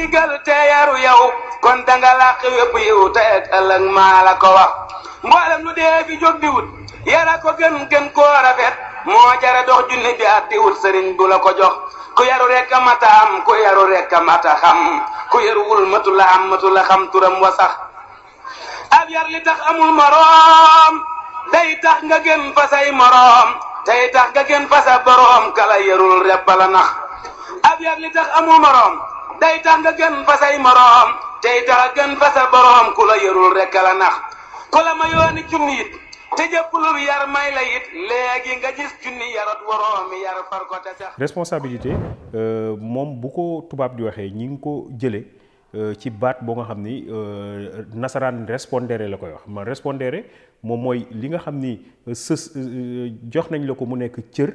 ndigal te yaru yow kon danga làq wépp yiw te et ëllëg maa la ko lu dee fi jóg yara ko gën gën koo rafet moo jare dox junni bi at wut sëriñ bu ko jox ku yaru rek a mata am ku yaru rek a mata xam ku yaruwul matu la am matu xam turam wa sax ab yar li tax amul moroom day tax nga gën fa say moroom day tax nga gën fa boroom kala yarul rep la nax yar li tax amul moroom day tax nga gën fa say moroom day tax gën fa boroom ku la yorul rek la nax ku la ma junni it te jëppulul yar may la léegi nga gis junni yarot waroomi yar far ko te sax responsabilité euh, moom bu ko tubaab di waxee ñi ngi ko jële euh, ci baat boo nga xam ni euh, nasaraan respondere la koy wax ma respondere moom mooy li nga xam ni sës jox nañ la ko mu nekk cër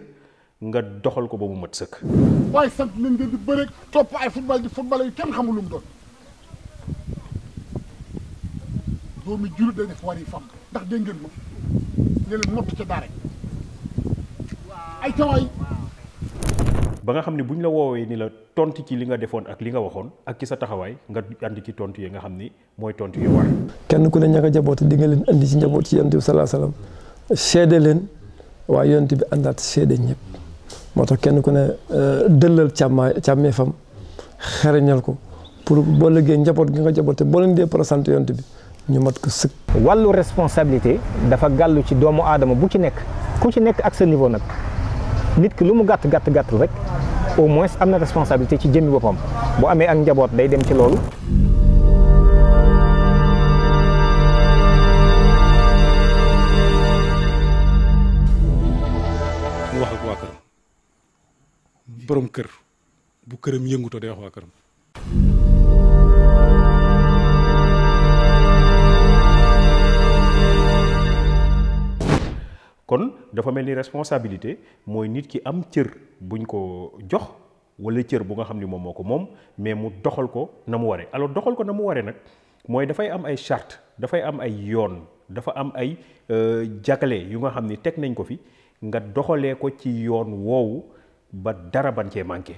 nga doxal ko bobu mat seuk way sant nañ leen di beurek top ay football di football yi kenn xamul lu mu doon doomi juru day def wari fam ndax de ngeen ma ne mot ci dara ay toy ba nga xamni buñ la wowe ni la tontu ci li nga defone ak li nga waxone ak ci sa taxaway nga andi ci tontu yi nga xamni moy tontu yi war kenn ku ne ñaka jabot di nga leen andi ci njabot ci yantou sallallahu alayhi wasallam sédé leen wa yonent bi àndaat seede ñëpp moo tax kenn ku ne euh, dëllal càmmaa càmmee fam xereñal ko pour boo liggéey njaboot gi nga jaboote boo leen dee présenté yont bi ñu mat ko sëkk. wàllu responsabilité dafa gàllu ci doomu aadama bu ci nekk ku ci nekk ak sa niveau nag nit ki lu mu gàtt gàtt gàtt rek au moins am na responsabilité ci jëmmi boppam bu amee ak njaboot day dem ci loolu. borom kër bu këram yëngutoo day wax waa këram. kon dafa mel ni responsabilité mooy nit ki am cër buñ ko jox walla cër bu nga xam ni moom moo ko moom mais mu doxal ko na mu waree alors doxal ko na mu waree nag mooy dafay am ay charte dafay am ay yoon dafa am ay euh, jagale yu nga xam ni teg nañ ko fi nga doxalee ko ci yoon woowu. ba dara ban ci manké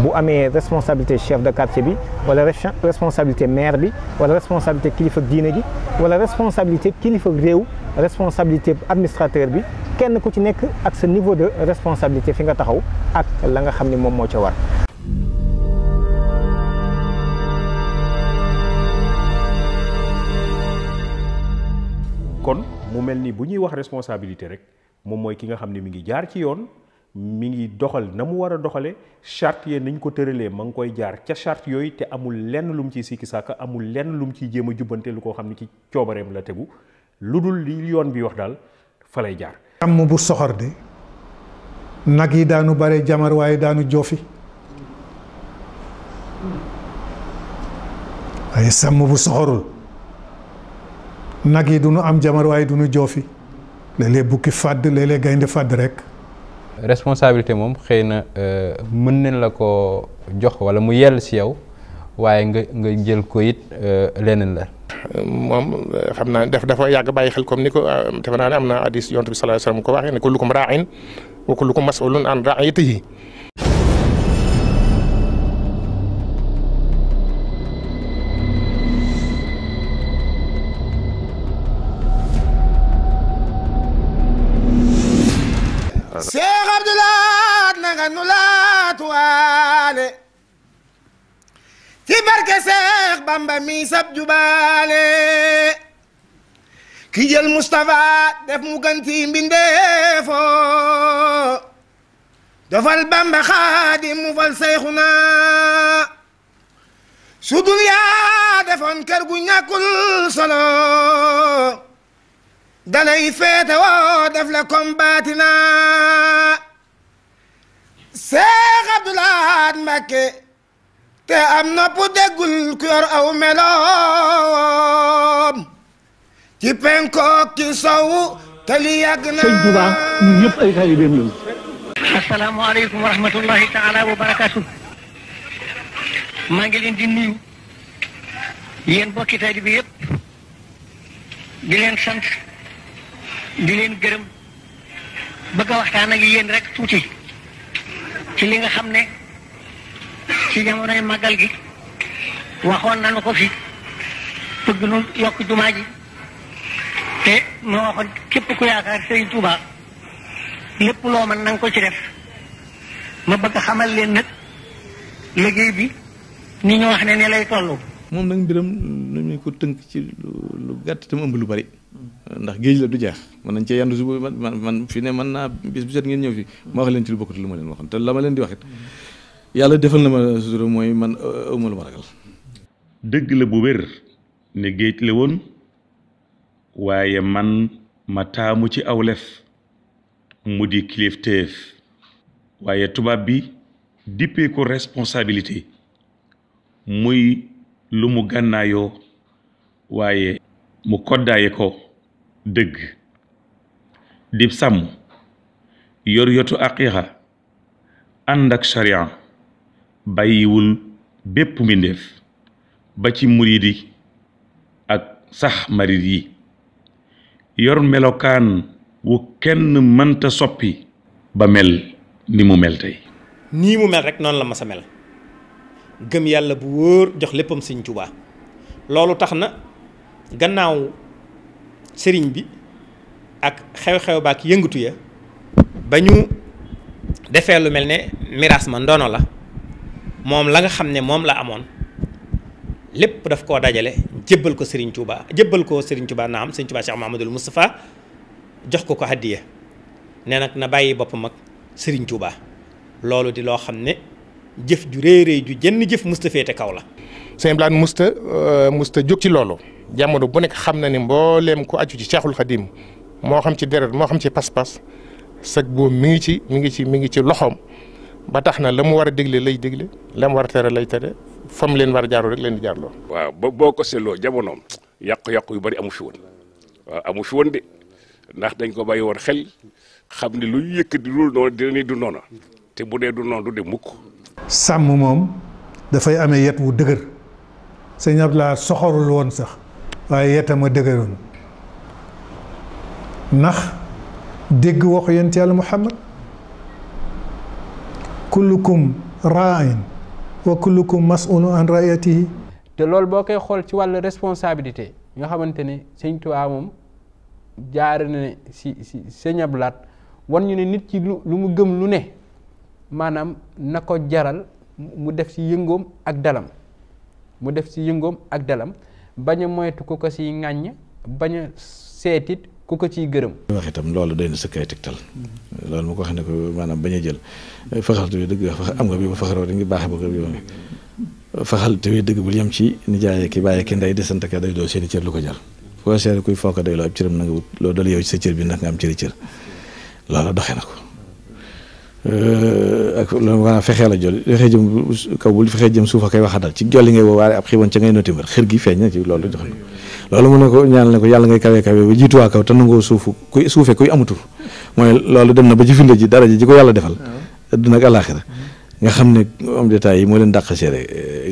bu amé responsabilité chef de quartier bi wala responsabilité maire bi wala responsabilité kilifa diiné gi wala responsabilité kilifa réew responsabilité administrateur bi kenn ku ci nekk ak ce niveau de responsabilité fi nga taxaw ak la nga xamni mom mo ci war kon mu mel ni bu ñuy wax responsabilité rek moom mooy ki nga xam ne mi ngi jaar ci yoon mi ngi doxal na mu war a doxale charte yee nañ ko tëralee ma ngi koy jaar ca charte yooyu te amul lenn lu mu ciy sikki sàkka amul lenn lu mu ciy jéem a jubbante lu koo xam ne ci coobareem la tegu lu dul li yoon bi wax daal fa lay jaar am bu soxor nag yi daanu bare jamar waaye daanu joofi waaye sàmm bu soxorul nagi duñu am jamar way duñu jofi joofi léeg-léeg bukki fàdd gaynde fad rek. responsabilité mom xeyna na mën nañ la ko jox wala mu yell ci yow waye nga nga jël ko it lenen la. mom xamna def dafa yag baye xel comme niko defana amna hadith ne bi sallallahu alayhi wasallam ko waxe ne kullukum raa'in wa kullukum mas'ulun an ra'iyatihi nu ci barke Seex Bamba mi sab jubaale ki jël Mustapha def mu ganti mbindeefo dofal Bamba xaadim mu fal Seyxuna su duniyaa defoon kër gu ñàkkul solo dalay feete woo la kombaati at Mbàkke te am nopp déggul ku yor aw meloom ci penkook ci sowu te li yàgg na sëñ Tuubaa ñun ñëpp ay taalibeem lañu asalaamaaleykum wa rahmatullahi taala wa barakaatu maa ngi leen di nuyu yéen bokki taalibe bi yëpp di leen sant di leen gërëm bëgg a waxtaan ak yéen rek tuuti ci li nga xam ne ci jamonoy magal gi gitu. waxon nañu ko fi bëgg ñu yok juma ji te mo waxon képp ku yaakaar sëñ Touba lépp lo man nañ ko ci def ma bëgg xamal leen nak liggéey bi ni ñu wax ne ne lay tollu moom nag mbiram nu ñu ko tënk ci lu gàtt tam ëmb lu bari ndax géej la du jeex man nañ cee yandu suba man man fi ne man naa bis bu set ngeen ñëw fi ma wax leen ci lu bokkut lu ma leen waxoon te la ma leen di waxit yàlla defal na ma sutura mooy man ëmma euh, lu ma ragal dëgg la bu wér ne géej la woon waaye man ma taamu ci aw lef mu di kilifteef waaye tubaab bi dippee ko responsabilité muy lu mu gànnaayoo waaye mu koddaaye ko dëgg dib sàmm yor yotu aqiiqa ànd ak charian bàyyiwul bépp mbindeef ba ci murid ak sax marit yi yor melokaan wu kenn mënta soppi ba mel ni mu mel tey nii mu mel rekk noonu la ma sa mel gëm yàlla bu wóor jox léppam sëñ Tuubaa loolu tax na gannaaw sëriñ bi ak xew-xew baak yëngatu ya ba ñu defee lu mel ne miraas ma ndono la mom la nga xamne mom la amone lépp daf ko dajale djebal ko Serigne Touba djebal ko Serigne Touba naam Serigne Touba Cheikh Mahamadul Moustapha jox ko ko hadiya ne nak na bàyyi bopam ak Serigne Touba loolu di lo xamne djef ju rëy rëy ju jenn djef musta te kaw la. serigne blane musta musta jóg ci loolu jamono bu nek xamna ni mbollem ko aju ci Cheikhul Khadim mo xam ci deret mo xam ci pass pass sak bo mi ngi ci mi ngi ci mi ngi ci loxom ba tax na la mu war a digle lay digle la mu war a tere lay tere fa mu leen war a jaaroo rek leen di jaarloo. waaw ba boo ko seetloo jamonoom yàqu-yàqu yu bari amu fi woon waaw amu fi woon de ndax dañ ko bàyyi woon xel xam ne lu yëkkati loolu noonu dina ni du noona te bu dee du noonu du de mukk. sàmm moom dafay amee yet wu dëgër sëñ Abdoulaye soxorul woon sax waaye yetam a dëgëroon ndax dégg waxu yonent Yàlla Muhammad kullukum raain wa kullukum masulun an raayatihi te loolu boo koy xool ci wàllu responsabilité nga xamante ne sëñ Tuubaa moom jaar na si si sëñ wan ñu ne nit ci lu mu gëm lu ne maanaam na ko jaral mu def ci yëngoom ak dalam mu def ci yëngoom ak dalam bañ moytu ko ko si ŋàññ bañ seetit ku ko ciy gërëm. wax itam loolu doy na sa kay tegtal. loolu mu ko xam ne ko maanaam bañ a jël faxal te dëgg am nga bi ba faxaroo di ngi ba ko yoon faxal te dëgg bul yem ci nijaay ki bàyyi ki ndey desante ka day doo seen i cër ko jar foo seere kuy fonk day loo ab cëram na loo dal yow bi nag nga am cëri cër loolu doxee na ko ak loolu maanaam fexee la jol fexee jëm kaw bul fexee jëm suufa kay waxadal ci jolli ngay woowaale ab xiiboon ca ngay noti mbir xër gi feeñ loolu jox na loolu mu ne ko ñaan ne ko yàlla ngay kawe kawe ba jiituwaa kaw te nangoo suufu kuy suufe kuy loolu dem na ba ci finde ji dara ko yàlla defal adduna ak alaaxira nga xam ne am yi moo leen dàq seere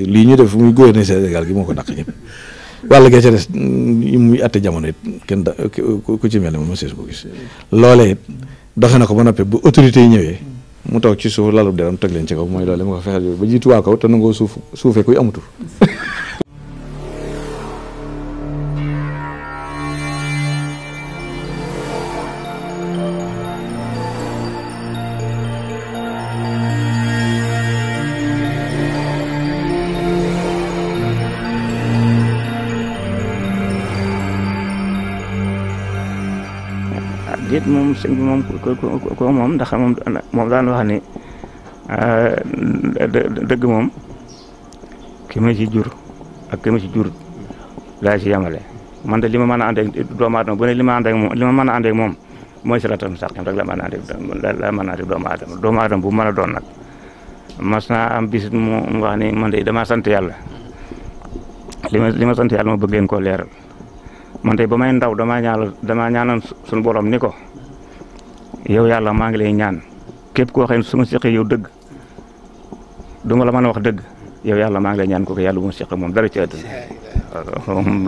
lii ñu def muy góor ne Sénégal gi moo ko dàq ñëpp wàll gee ca mm, jamono it kenn da ku ci ne moom ma sees ko gis loolee na ko ba noppee bu autorité yi ñëwee mu toog ci suuf lalu deram teg leen ci kaw mooy loole ma ko fexeel ba jiituwaa kaw te nangoo suuf suufe kuy amutur sëñ bi moom ko moom ndax moom moom daan wax ni ah, dëgg moom ki ma ci jur ak ki ma ci jur laa ci yemale man de li ma mën a ànd ak doomu aadama bu ne li ma ànd ak moom li ma mën a ànd ak moom mooy siraatal mustaqim rek la mën a ànd ak la mën a ànd ak doomu aadama doomu aadama bu mën a doon nag mas naa am bis mu wax ni man de sant yàlla li ma li ma sant yàlla ma leeral man de ba may ndaw ñaanal ñaanal borom ni ko yow yalla ma ngi lay ñaan kep ko waxe ne su yow deug du nga la mën wax deug yow yalla ma ngi lay ñaan ko ko yalla mo seqee mom dara ci àdduna moom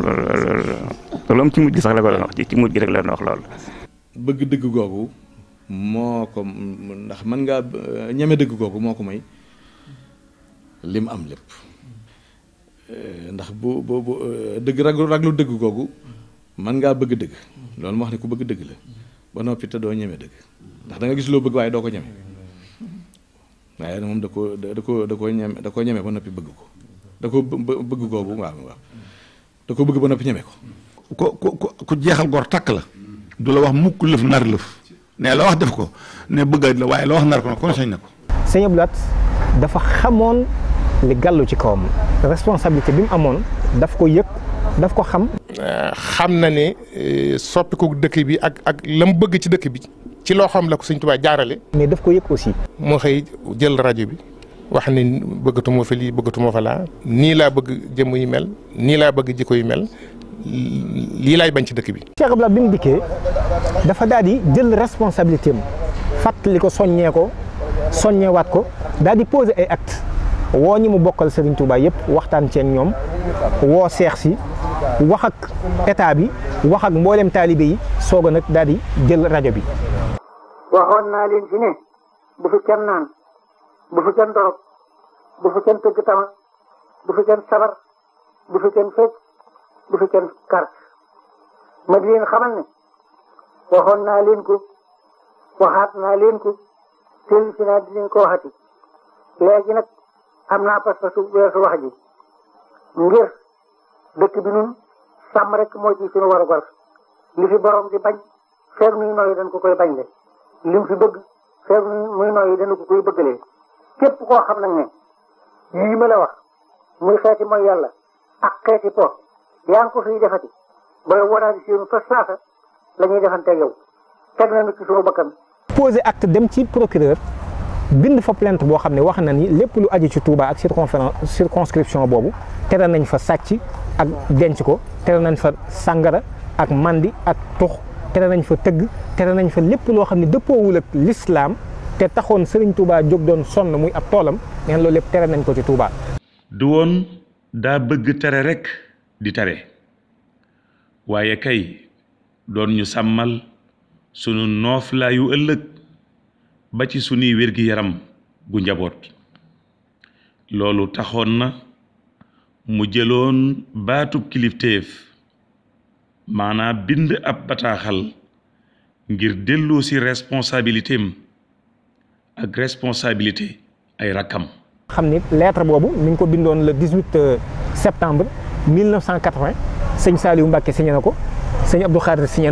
loolu ci mujj sax la ko wax ci mujj rek la wax lool bëgg deug gogou moko ndax man nga ñame deug gogou moko may lim am lepp ndax bu bu deug rag raglu deug gogou man nga bëgg deug lool mo wax ni ku bëgg deug la ba nopi te do ñëmé dëgg ndax da nga gis lo bëgg way do ko ñeme da mom da ko da ko da ko ñëmé da ko ñëmé ba nopi bëgg ko da ko bëgg gogu nga waaw da ko bëgg ba nopi ñëmé ko ko ko ku jéxal gor tak la du la wax mukk leuf nar leuf ne la wax def ko ne bëgg la waye la wax nar ko ko sañ na ko sëñ Abdoulaat dafa xamone li gallu ci kawam responsabilité bi mu daf ko yëg daf ko xam. xam na ne soppiku dëkk bi ak ak la mu bëgg ci dëkk bi ci loo xam la ko Sëñ Tuubaa jaarale. mais daf ko yëg aussi. moo xëy jël rajo bi wax ne bëggatuma fa lii bëggatuma fa laa nii laa bëgg jëmm yi mel nii laa bëgg jikko yi mel lii laay bañ ci dëkk bi. Cheikh Abdoulaye bi mu dikkee dafa daal di jël responsabilité am fàttali ko soññee ko soññeewaat ko daal di poser ay actes woo ñi mu bokkal Serigne Touba yëpp waxtaan ceeg ñoom woo seex si. wax ak état bi wax ak mboolem taalibe yi soog a nag daal di jël rajo bi. waxoon naa leen fi ne bu fi kenn naan bu fi kenn dorog bu fi kenn tëgg tama bu fi kenn sabar bu fi kenn fecc bu fi kenn kar ma di leen xamal ne waxoon naa leen ko waxaat naa leen ko teel si naa di leen ko waxati léegi nag am naa pas-pasu weesu wax ji ngir dëkk bi nun sàmm rek mooy ci suñu war a gor li fi borom di bañ feeg muy nooyi dañ ko koy bañ le li mu fi bëgg feeg muy nooyi dañ ko koy bëggalee képp koo xam nag ne yii ma la wax muy xeeti mooy yàlla ak xeeti po yaa ngi ko fiy defati ba waraani séenu fa saasa la ñuy defanteeg yow teg nañu ci suñu bakkan posé acte dem ci procureur bind fa plainte boo xam ne wax na ni lépp lu aji ci Touba ak circonférence circonscription boobu tere nañ fa sàcc ak denc ko tere nañ fa sàngara ak mandi ak tux tere nañ fa tëgg tere nañ fa lépp loo xam ne dëppoowul ak lislaam te taxoon sëriñ Touba jóg doon sonn muy ab toolam neen loo lépp tere nañ ko ci Touba. du woon daa bëgg tere rek di tere waaye kay doon ñu sàmmal sunu noof ëllëg ba ci sunuy wér-gi-yaram gu njaboot loolu taxoon na mu jëloon baatub kilifteef maanaa bind ab bataaxal ngir responsabilité responsabilité ay lettre le 18 euh, septembre 1980 Seigne Saliou signé Abdou Khadir signé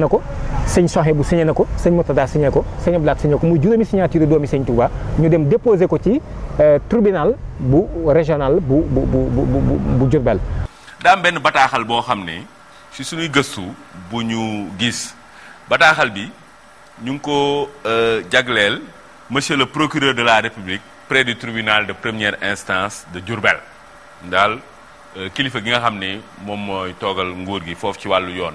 sëñ soxe bu signé na ko sëñ Murtada signé ko sëñ Ablaat signé ko muy juróomi signature doomi sëñ Touba ñu dem déposé ko ci euh, tribunal bu régional bu bu bu bu Diourbel daa benn bataaxal boo xam ne si suñuy gëstu bu ñu gis bataaxal bi ñu ngi ko euh, jagleel monsieur le procureur de la république près du tribunal de première instance de Diourbel daal euh, kilifa gi nga xam ne moom mooy toogal nguur gi foofu ci wàllu yoon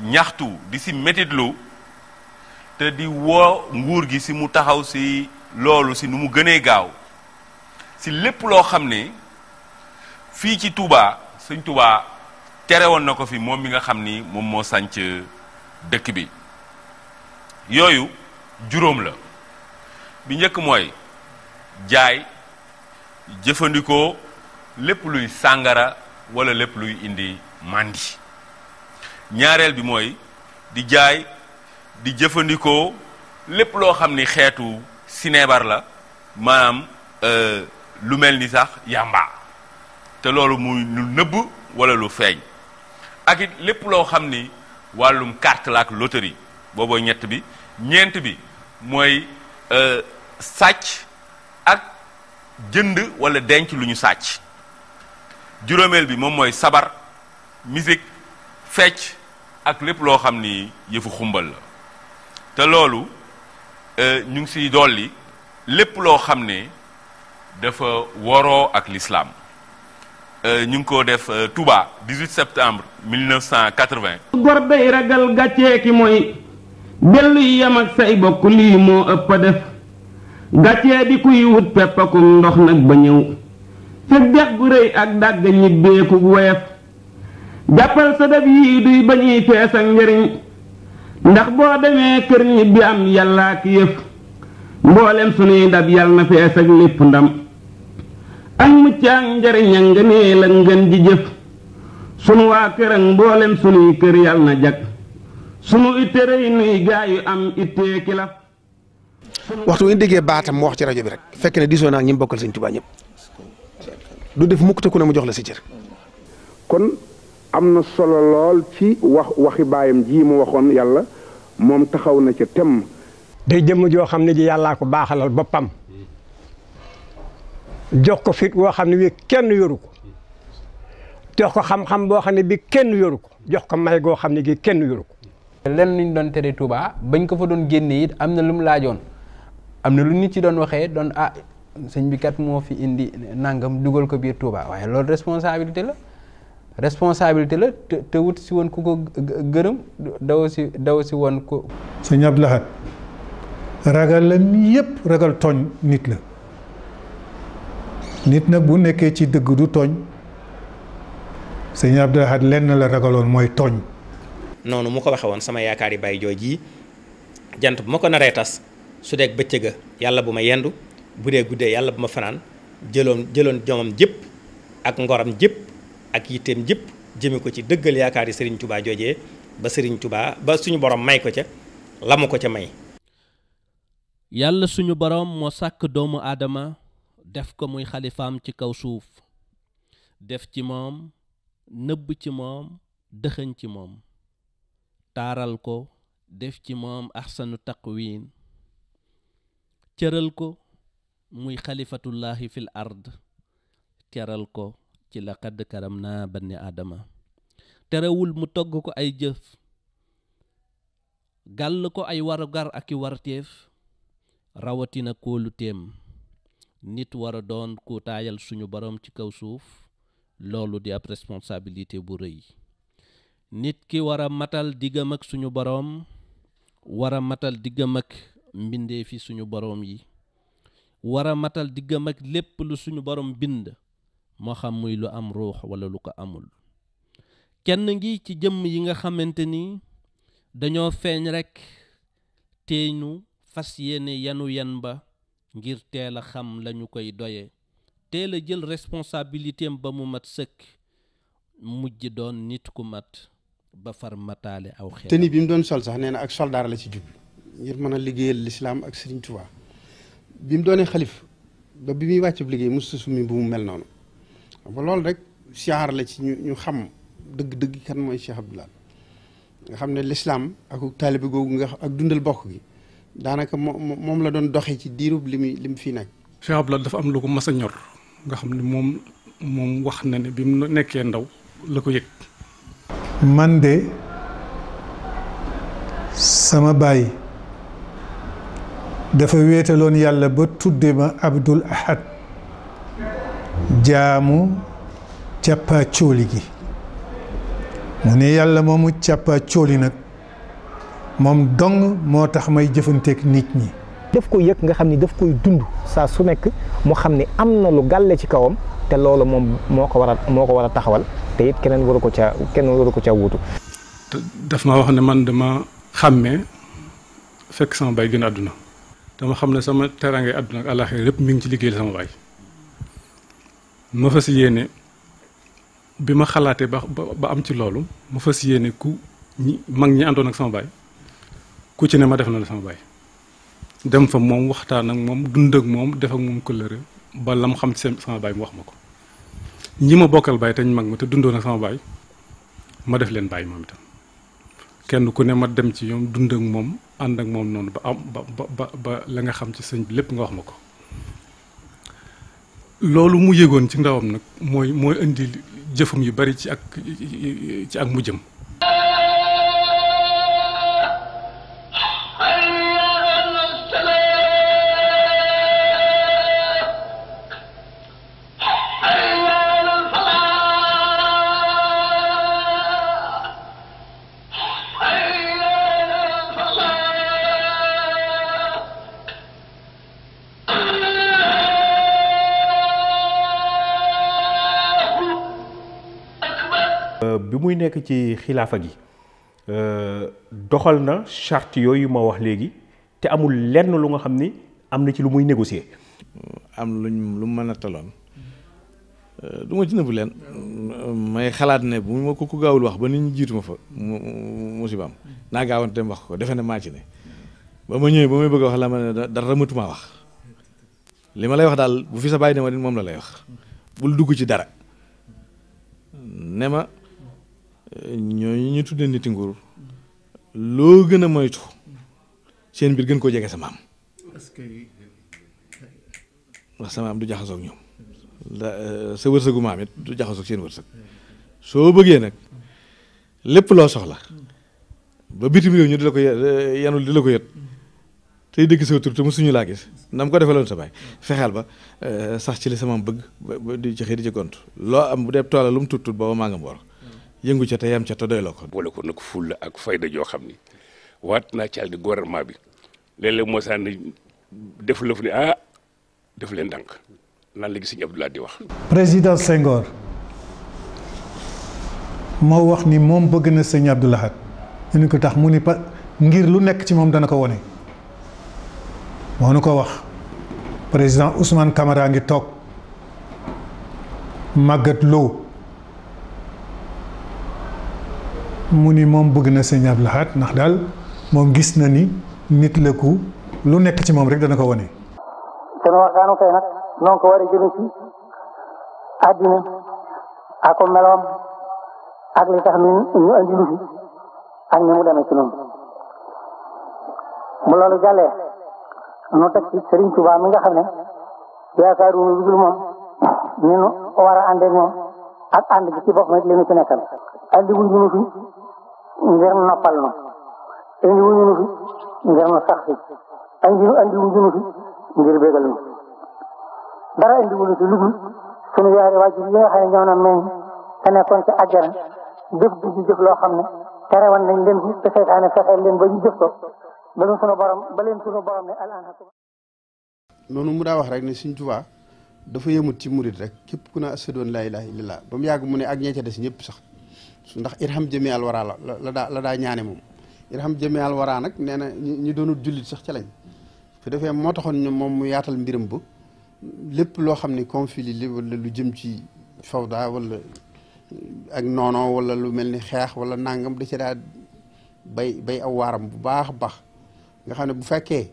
ñaxtu di si lu te di wo nguur gi si mu taxaw si loolu si nu mu gënee gaaw si lépp loo xam ne fii ci Touba sëñ Touba tere woon na fi moom mi nga xam ni moom moo sànc dëkk bi yooyu juróom la bi njëkk mooy jaay jëfandikoo lépp luy sàngara wala lépp luy indi mandi ñaareel bi mooy di jaay di jëfandikoo lépp loo xam ni xeetu sineebar la maanaam euh, lu mel ni sax yàmba te loolu muy lu nëbb wala lu feeñ ak lépp loo xam ni wàllum carte la ak loterie booboo ñett bi ñeent bi mooy euh, sàcc ak jënd wala denc lu ñu sàcc juróomeel bi moom mooy sabar musique fecc ak lépp loo xam ni yëfu xumbal la te loolu euh, ñu ngi siy dolli lépp loo xam ne dafa woroo ak l'islam euh, ñu ngi ko def euh, tubaa 18 septembre 1980. gor day ragal gàccee ki mooy dellu yi yem ak say bokk lii moo ëpp a def gàccee di kuy wut pepp akum ndox nag ba ñëw fekk dex gu rëy ak dàgg ñibbeeku woyef jàppal sa def yii duy bañuy fees ak njariñ ndax boo demee kër ñi bi am yàlla ak yëf mboolem sunuy ndab yàlla fees ak lépp ndam ak mucc ak njariñ ak ngëneel ak ji jëf sunu waa kër ak mboolem sunuy kër yàlla na jag sunu itte rëy nuy gaa yu am ittee kilaf waxtu wi ñu baatam mu wax ci rajo bi rekk fekk ne diisoo naa ñi bokkal sëñ Tuubaa ñëpp du def mukk te ku ne mu jox la si cër am na solo lool ci wax waxi baayam ji mu waxoon yàlla moom taxaw na ca tem day jëmm joo xam ne ji yàllaa ko baaxalal boppam jox ko fit woo xam ne bii kenn yoru ko jox ko xam-xam xam ne bi kenn yoru ko jox ko may goo xam ne gi kenn yoru ko len luñ doon tere Touba bañ ko fa doon génne it am na lu mu laajoon am na lu nit ci doon waxee doon a ah, sëñ bi kat moo fi indi nangam dugal ko biir Touba waaye loolu responsabilité la responsabilité la te te wut ci won kuko geureum daw ci daw ci won ko. sëñ ragal ragalam yépp ragal togn nit la nit nag bu nekké ci deug du togn sëñ Abdou lenn la ragalon moy togn noonu mu ko waxe won sama ya kari joji jant bu mako naré tas su dék bëccëga yàlla bu ma yendu budé guddé yalla buma fanan jomam jëpp ak ngoram jëpp. ak yitteem jëpp jëme ko ci dëggal yaakaar yi Serigne Touba joojee ba Serigne Touba ba suñu boroom may ko ca la ko ca may. yàlla suñu borom moo sàkk doomu aadama def ko muy xalifaam ci kaw suuf def ci moom nëbb ci moom dëxëñ ci moom taaral ko def ci moom axsanu taqwiin cëral ko muy xalifatullaahi fil ard cëral ko ci laqad karam naa banni aadama terewul mu togg ko ay jëf gàll ko ay warugar ak i warteef rawatina kóolu téem nit wara doon ku taayal suñu boroom ci kaw suuf loolu di ab responsabilité bu rëy nit ki war matal diggam ak suñu borom wara matal diggam ak mbindee fi suñu boroom yi war a matal diggam ak lépp lu suñu borom bind moo xam muy lu am ruux wala lu ko amul kenn ngi ci jëmm yi nga xamante ni dañoo feeñ rekk ñu fas yéene yanu yan ba ngir teel a xam lañu koy doye teel a jël responsabilité ba mu mat sëkk mujj doon nit ku mat ba far mataale aw xeet te ni bi mu doon sol sax nee na ak soldaar la ci jublu ngir mën a liggéeyal lislaam ak Sëriñ Tuubaa bi mu doonee xalif ba bi muy wàcc liggéey mu susumi bu mu mel noonu ba nga loolu rek siyaar la ci ñu ñu xam dëgg-dëgg kan mooy Cheikh Abdou Lahad nga xam ne lislaam ak taalibe googu nga ak dundal bokk gi daanaka moom la doon doxee ci diirub li muy li mu fii nekk. Cheikh Abdou Lahad dafa am lu ko mas a ñor nga xam ne moom moom wax na ne bi mu nekkee ndaw la ko yëg. man de sama baay dafa wéetaloon yàlla ba tudde ma Abdul Ahad. jaamu càppaa cóoli gi mu ne yàlla moomu càppaa cóoli nag moom dong moo tax may jëfanteeg nit ñi daf koy yëg nga xam ni daf koy dund saa su nekk mu xam ni am na lu gàlle ci kawam te loolu moom moo ko war a moo ko war a taxawal te it keneen waru ko caa keneen waru ko caa wuutu daf ma wax ne man dama xàmmee fekk sama baay gën àdduna dama xam ne sama teraangay àdduna ak àllaaxira lépp mi ngi ci liggéeyal sama baay ma fas yéene bi ma xalaatee ba ba am ci loolu ma fas yéene ku ñi mag ñi àndoon ak sama baay ku ci ne ma def na la sama baay dem fa moom waxtaan ak moom dund ak moom def ak moom kóllëre ba lam xam ci sama baay wax ma ko ñi ma bokkal baay te mag ma te dundoon ak sama ma def leen baay moom kenn ku ne ma dem ci ñoom dund ak moom ànd ak moom noonu ba am ba ba ba la nga xam ci sëñ bi lépp nga wax ma ko. loolu mu yégoon ci ndawam nag mooy mooy indi jëfam yu bari ci ak ci ak mu jëm bi muy nekk ci xilaafa gi euh, doxal na charte yooyu ma wax léegi te amul lenn lu nga xam ni am na ci lu muy négocier. am luñ lu mën a taloon euh, du ma ci nëbbu leen may xalaat ne bu ma ko gaawul wax ba nit ñi jiitu ma fa mu musibaam naa gaawanteem wax ko defe ne maa ci ne ba ma ñëwee ba may bëgg a wax la ma ne da mëtumaa wax li ma lay wax daal bu fi moom la lay wax bul dugg ci dara ne ma ñooñu ñu tuddee niti nguur loo gën a moytu seen mbir gën koo jege sa maam ndax sama maam du jaxasoog ñoom euh, sa wërsëgu maam it du jaxasoog seen wërsëg soo bëggee nag lépp loo soxla ba bitim réew ñu di la ko euh, yanul di la ko yët te dëgg sa tur te suñu laa gis na mu ko defee loon sa baay fexeel ba euh, sax ci li sama bëgg di ci xëy di ci gont loo am bu dee toola lu mu tut tut booba maa nga mboor yëngu ca te yam ca te la ko boole ko nak ful ak fayda jo xamni wat na naa ci àldi gouvernement bi lele mo moo def lëf ni ah def len dank nan la gis sëñ di wax president Senghor mo wax ni mom bëgg na seigne Abdoulaye ñu ni ko tax mu ni ngir lu nekk ci mom dana ko woné mo nu ko wax president Ousmane kamara ngi tok magat Lo mu ni moom bëgg na sëñ Abdou Lahad ndax daal moom gis na ni nit la ku lu nekk ci moom rek dana ko wane. sunu waxtaanu kay nag noonu ko war a jëlee ci àddina ak meloom ak li tax ñu andi lu fi ak ni mu demee ci bu loolu jàllee nu teg ci Serigne Touba nga xam ne yaakaaru nu dul moom ni nu war a àndee moom. ak ànd gi ci boppam it li ci nekkal andi wuñu nu fi ngir noppal nu andi wuñu nu fi ngir nu sax fi andi nu fi ngir bégal nu dara andi fi lu dul suñu yaari waajur yi nga ne ñoo na meññ te nekkoon ci àjjana jëf bi jëf loo xam ne terewan nañ leen ko te seytaane fexeel leen ba ñu jëf ko ba leen suñu borom ba leen suñu borom ne al'an noonu mu daa wax rek ne Sëriñ Tuubaa dafa yëmut ci murit rek képp ku ne asadoon laa ilaaha illallaah ba mu yàgg mu ne ak ñee ca des ñëpp sax ndax irham jëmee al waraa la la daa ñaane moom irham jëmee al waraa nag nee na ñi doonul jullit sax ca lañ su defee moo taxoon moom mu yaatal mbiram ba lépp loo xam ni conflit li wala lu jëm ci fawda wala ak noono wala lu mel ni xeex wala nàngam da ci daa bay bay aw waaram bu baax a baax nga xam ne bu fekkee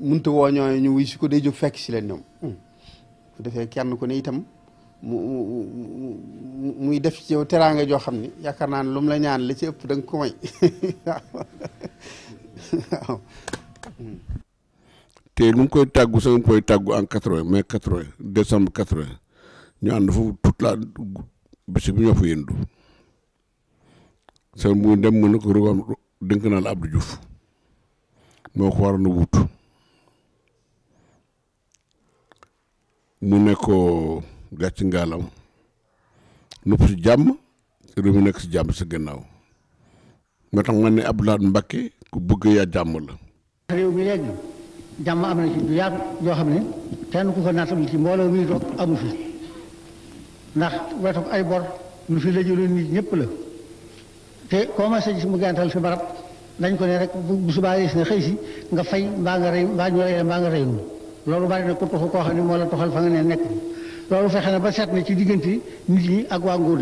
mënta woo ñooñu ñu wuy si ko day jóg fekk si leen ñoom bu defee kenn ku ne itam mu mu muy def ci yow teraanga joo xam ni yaakaar naa ne lu la ñaan la ci ëpp da nga ko may hmm. te lu mu koy tàggu sax koy tàggu en quatre-vingt mai quatre-vingt décembre quatre-vingt ñu ànd foofu toute la bés bi ñoo fa yëndu sax muy dem mën na ko rëbb dénk naa la Abdou Diouf moo ko waroon a wut. mu ne ko gàcc ngaalam nupp si jàmm réew mi nekk si jàmm sa gannaaw moo tax man ne Abdoulaye Mbacke ku bëgg yaa jàmm la. réew mi léegi jàmm am na ci du yàgg yoo xam ne kenn ku ko naatam ci mbooloo mi toog amu fi ndax wetu ay bor lu fi la jëloon nit ñëpp la te commencé gis mu gàntal fi barab dañ ko ne rek bu subaa yées nga xëy si nga fay mbaa nga rey mbaa ñu rey la mbaa nga reyul. loolu bari na ku tuxu koo xam ne moo la tuxal fa nga ne nekk loolu fexe na ba seet na ci diggante nit ñi ak waa nguur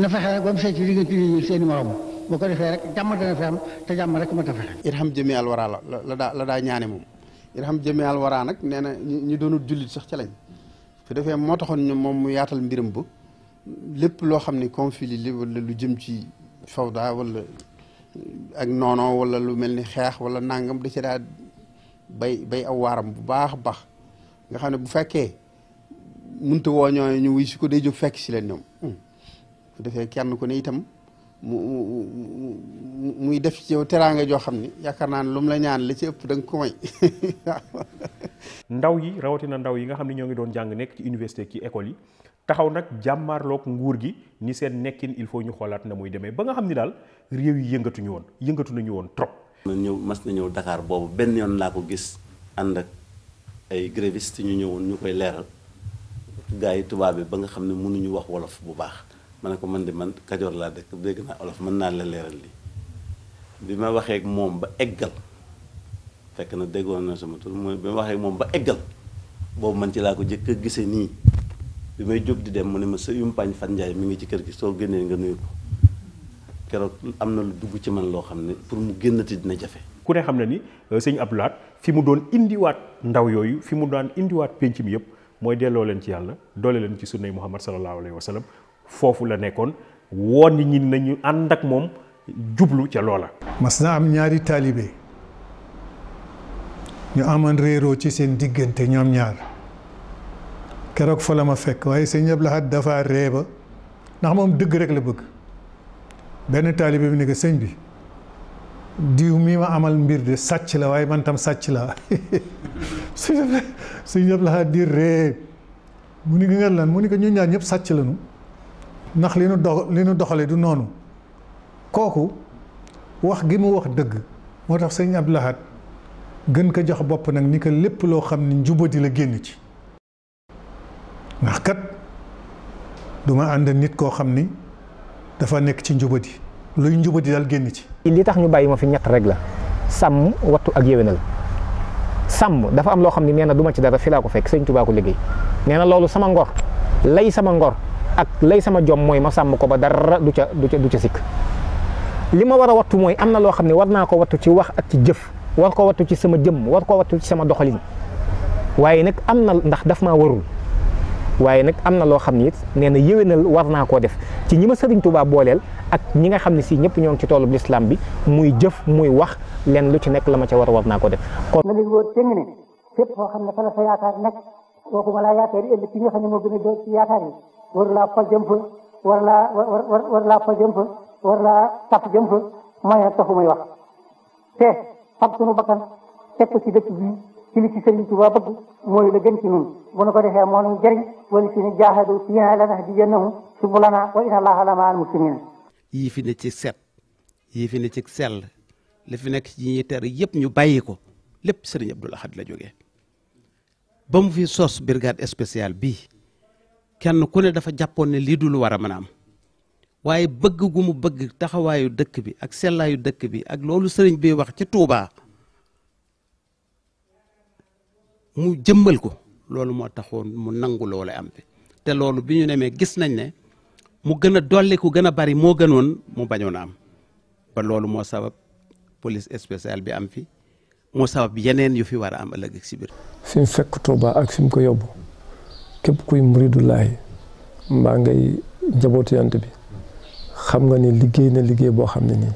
na fexe nag ba mu seet ci diggante nit ñi seen i morom boo ko defee rek jàmm dana fi am te jàmm rek ma ta fexe irham jëmi alwara la la daa la daa ñaane moom irham jëmi alwara nag nee na ñi doonul jullit sax ci lañ su defee moo taxoon ñu moom mu yaatal mbiram ba lépp loo xam ne conflit li wala lu jëm ci fawda wala ak noono wala lu mel ni xeex wala nangam da ci daa bay bay aw waaram bu baax a baax nga xam ne bu fekkee munta woo ñooñu ñu wuy si ko day jóg fekk ci leen ñoom bu hmm. defee kenn ku ne itam mu muy def ci yow joo xam ne yaakaar naa ne lu la ñaan la ci ëpp da nga ko may ndaw yi rawatina ndaw yi nga xam ne ñoo ngi doon jàng nekk ci université ci école yi taxaw nag jàmmaarloog nguur gi ni seen nekkin il faut ñu xoolaat na muy demee ba nga xam ni daal réew yi yëngatuñu woon yëngatu nañu woon trop ma ñëw mas na ñëw Dakar boobu benn yoon laa ko gis ànd ak ay grévistes ñu ñëwoon ñu koy leeral gars yi tubaab bi ba nga xam ne mënuñu wax wolof bu baax ma ne ko man de man Kajoor laa dëkk dégg naa wolof mën naa la leeral lii bi ma waxee ak moom ba eggal fekk na déggoon na sama tur mooy bi ma waxee ak moom ba eggal boobu man ci laa ko jëkk a gisee nii bi may jóg di dem mu ne ma sa yumpaañ fan Njaay mi ngi ci kër gi soo génnee nga nuyu ko keroog am na lu dugg ci man loo xam ne pour mu génnati dina jafe. ku ne xam na ni euh, sëñ Abdou Lahad fi mu doon indiwaat ndaw yooyu fi mu daan indiwaat penc mi yëpp mooy delloo leen ci yàlla doole leen ci sunnay Muhammad sallallahu alayhi wa sallam foofu la nekkoon won nit ñi nañu ànd ak moom jublu ca loola. mas am ñaari taalibe ñu amoon réeroo ci seen diggante ñoom ñaar keroog fa la ma fekk waaye sëñ Abdou Lahad dafa ree ba ndax moom dëgg rek la bëgg. ben talibé bi ne ko bi diw mi ma amal mbir de satch la way man tam satch la señ la di re? mu ni ngeen lan mu ni ko ñu ñaar ñep satch lañu nax li nu dox li nu doxale du nonu koku wax gi mu wax deug motax señ sëñ gën ko jox bop nak ni ko lepp lo xamni ni la genn ci kat duma and nit ko xamni dafa nek ci njubadi luy njubadi dal genn ci li tax ñu bayima ma fi ñett rek la sam wattu ak la sam dafa am lo xamni neena duma ci dara fi la ko fek seigne touba ko liggey neena lolu sama ngor lay sama ngor ak lay sama jom moy ma sam ko ba dara du ca du ca du ca sik lima wara wattu moy amna lo xamni warna ko wattu ci wax ak ci jëf war ko wattu ci sama jëm war ko wattu ci sama doxalin waye nak amna ndax daf ma warul waaye nag am na loo xam ni it nee na yéwénal war naa koo def ci ñi ma sëriñ Tuubaa booleel ak ñi nga xam ne si ñëpp ñoom ngi ci toolub lislaam bi muy jëf muy wax leen lu ci nekk la ma ci war a war naa ko def. ko la léegi wóor tëng ne xam ne fa la sa yaakaar nekk kooku balaa yaakaar yi xam ne moo gën a doon ci war laa fa jëm fa war laa war war laa fa jëm fa war laa tàpp jëm fa mooy nag taxu may wax te fab sunu bakkan teg ko ci dëkk bi ci li ci sëriñ Tuubaa bëgg mooy la gën ci ñun bu nu ko defee moo nuy jëriñ wala ci ne jaahadu fiinaa lanahdiyannahum subulanaa wa inna Allaaha lamaa al-muhsiniin fi ne ci set yii fi ne li fi nekk ci ñuy ter ñu bàyyi ko lépp sëriñ la jógee ba mu fi sos brigade spéciale bii kenn ku ne dafa jàppoon ne lii du lu war a mën am waaye bëgg gu bëgg taxawaayu dëkk bi ak sellaayu dëkk bi ak loolu sëriñ bi wax ci Tuubaa mu jëmmal ko loolu moo taxoon mu nangu loola am fi te loolu bi ñu nemee gis nañ ne mu gën a dolli ku gën a bari moo gënoon mu bañoon a am ba loolu moo sabab police spéciale bi am fi moo sabab yeneen yu fi war a am ëllëg ak si biir. fi mu fekk Touba ak fi mu ko yóbbu képp kuy muridullaahi mbaa ngay njabootu yant bi xam nga ni liggéey na liggéey boo xam ne nii.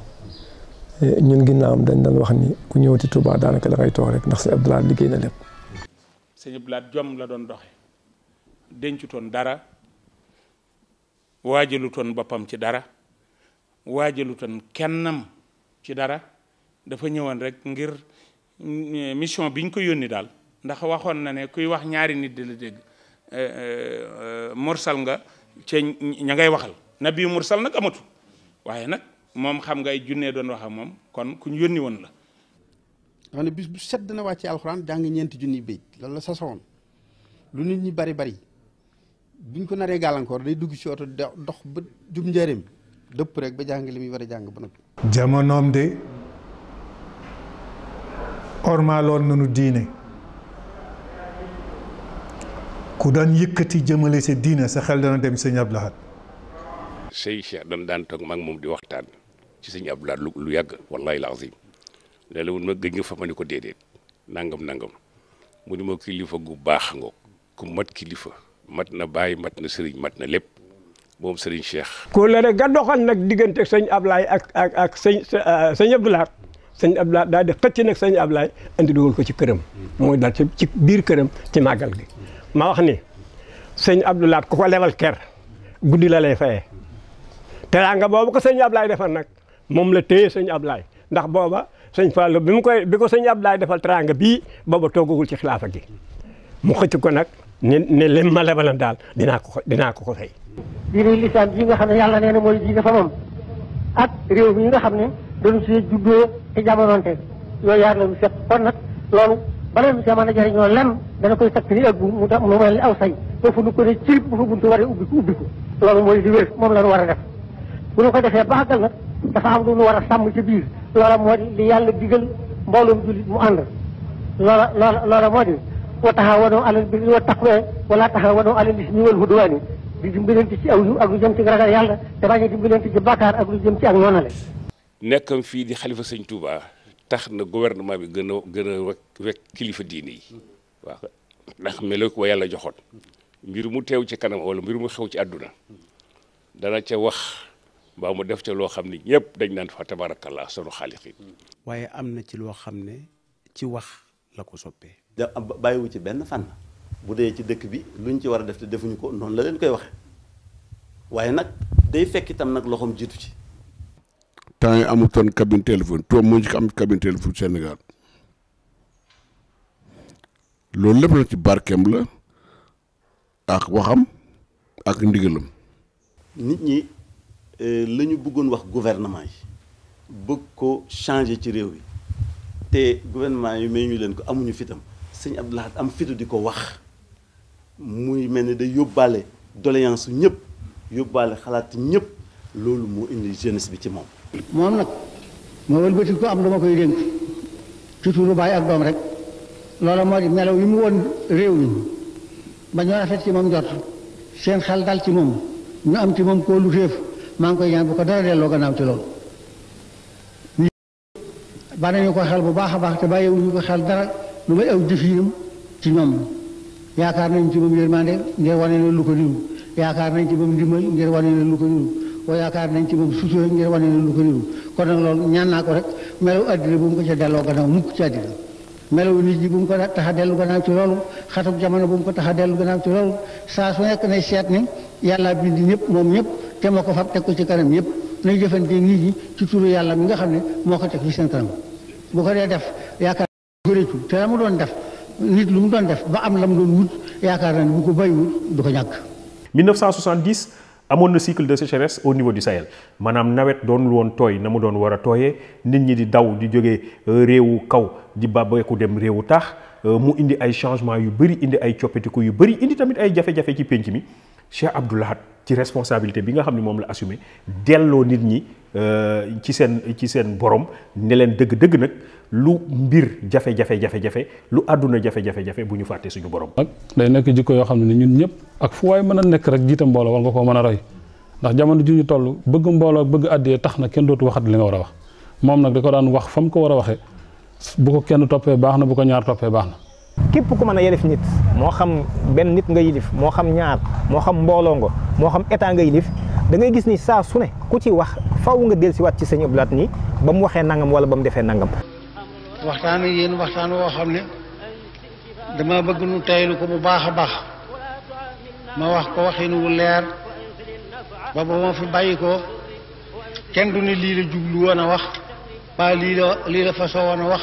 Eh, ñun ginnaawam dañ daan wax ni ku ñëwati Touba daanaka da ngay toog rek ndax si Abdoulaye liggéey na sëñ Abdou Lahad la doon doxe dencutoon dara waajalutoon boppam ci dara waajalutoon kennam ci dara dafa ñëwoon rek ngir eh, mission bi ñu ko yónni daal ndax waxoon na ne kuy wax ñaari nit di la dégg eh, eh, mursal nga ci ña ngay waxal nabi mursal nag amatu waaye nag moom xam nga ay junnee doon wax ak moom kon ku ñu yónni woon la dafa ne bis bu set dana wàcce alxuraan jàng ñeenti junni béyt loolu la sasoon lu nit ñi bari bari buñ ko naree gàllankoor day dugg ci oto dox ba jub njëriñ dëpp rek ba jàng li muy war a jàng ba nag jamonoom de ormaaloon nanu diine ku daan yëkkati jëmale sa diine sa xel dana dem sëñ Abdou Lahad. sëy Cheikh dañ daan toog mag moom di waxtaan ci sëñ Abdou Lahad lu yàgg wallaahi laazim léeg mun ma gëj nga fa ko déedéet nangam nangam mu ni ma kilifa gu baax nga ku mat kilifa mat na bàyyi mat na sëriñ mat na lépp moom sëriñ Cheikh. ko la rek ga doxal nag diggante sëñ Ablaye ak ak ak sëñ sëñ Abdoulaye sëñ Abdoulaye daal di nag sëñ Ablaye andi dugal ko ci këram. mooy daal ci biir këram ci màggal gi. ma wax ni sëñ Abdoulaye ku ko lebal ker guddi la lay fayee teraanga boobu ko sëñ Ablaye defar nag moom la téye sëñ Ablaye ndax booba. sëñ Fallou bi mu koy bi ko sëñ Abdoulaye defal teraanga bii booba toogagul ci xilaafa gi mu xëcc ko nag ne ne lim ma lebalan daal dinaa ko dinaa ko ko fay. diine lislaam ji nga xam ne yàlla nee na mooy diine famam ak réew mi nga xam ne dañu see juddoo te jamononte yooyu yaar la ñu seq kon nag loolu bala ñu see mën a jëriñoo lem dana koy takk ni ak bu mu mu mel ni aw say foofu nu ko ne cirib bu fa buntu waree ubbi ko ubbi ko loolu mooy li moom la war a def ko defee baagal dafa am lu mu war a sàmm ci biir loola moo di li yàlla digal mbooloom jullit mu ànd loola loola loola moo di wa taxawanoo alal birri wa taqwa wala taxawanoo alal ismi wal hudwaani di dimbalante ci aw yu ak lu jëm ci ragal yàlla te bañ a dimbalante ci bàkkaar ak lu jëm ci ak noonale nekkam fii di xalifa sëñ Touba tax na gouvernement bi gën a gën a wek wek kilifa diine yi waaw ndax melo ko yàlla joxoon mbir mu teew ci kanam wala mbir mu xew ci àdduna dana ca wax mbaa mu def te loo xam ni ñëpp dañ naan fa tabarakallah sunu xaaliqin waaye am na ci loo xam ne ci wax la ko soppee. da bàyyiwu ci benn fànn bu dee ci dëkk bi luñ ci war a def te defuñu ko noonu la leen koy waxe waaye nag day fekk itam nag loxoom jiitu ci. temps yi amutoon cabine téléphone tubaab moo njëkk am cabine téléphone Sénégal loolu lépp nag ti barkeem la ak waxam ak ndigalam. ñi. Le euh, le gouvernement yi bëgg ko changer ci réew yi gouvernement yi may ñu leen ko amuñu fitam sëñ am fitu diko wax muy melni de doléance ñëpp yóbbaale xalaat Il a mo indi jeunesse bi ci mom nak mo wal a ko am dama koy ci ak rek di réew ci seen dal ci ñu am ci lu maa ngi koy ñaan bu ko dara delloo gannaaw ci loolu bari ko xel bu baax a baax te bàyyiwuñu ko xel dara lu may aw jëfinam ci ñoom yaakaar nañ ci moom yërmande ngir wane ne lu ko niru yaakaar nañ ci moom ndimbal ngir wane ne lu ko niru waaye yaakaar nañ ci moom sutura ngir wane lu ko niru kon nag loolu ñaan naa ko rek melaw àddina bu mu ko ca delloo gannaaw mukk ci àddina melaw nit ñi bu mu ko tax a dellu gannaaw ci loolu xatuk jamono bu mu ko tax a dellu ci loolu saa su nekk nay seet ni yàlla te moo ko fab teg ko ci kanam yëpp nañ jëfante nit ñi ci turu yàlla mi nga xam ne moo ko teg fi seen kanam bu ko dee def yaakaar gëréetu te la mu doon def nit lu mu doon def ba am la mu doon wut yaakaar na ne bu ko bàyyiwul du ko ñàkk 1970 amoon na cycle de sécheresse au niveau du Sahel maanaam nawet doonul woon tooy na mu doon war a tooyee nit ñi di daw di jógee euh, réewu kaw di ba bàbbeeku dem réewu taax euh, mu indi ay changement yu bëri indi ay coppitiku yu bëri indi tamit ay jafe ci pénc mi Cheikh Abdou Lahad ci responsabilité bi nga xamni mom la assumer delloo nit ñi euh ci sen ci sen borom ne len deug deug nak lu mbir jafé jafé jafé jafé lu aduna jafé jafé jafé buñu faté suñu borom. nag day nek jikko yo xamni ñun ñëpp ak fu way mëna nek rek jitam mbooloo war nga ko mëna roy ndax jamono juñu tollu bëgg mbooloo ak bëgg àddee tax na kenn dootu waxat li nga wara wax mom nak da ko daan wax fam ko wara a bu ko kenn topé baxna bu ko ñaar topé baxna képp ku mën a yelif nit moo xam benn nit nga yilif moo xam ñaar moo xam mbooloongo moo xam état nga yilif da ngay gis ni saa su ne ku ci wax faw nga dellusiwaat ci sañu Abdou Lahat nii ba mu waxee nangam wala ba mu defee nangam. waxtaan ak waxtaan woo xam ne dama bëgg nu taylu ko bu baax a baax ma wax ko waxin wu leer ba ba ma fi bàyyi ko kenn du ne lii la jublu woon a wax ba lii la lii la fasoo woon a wax.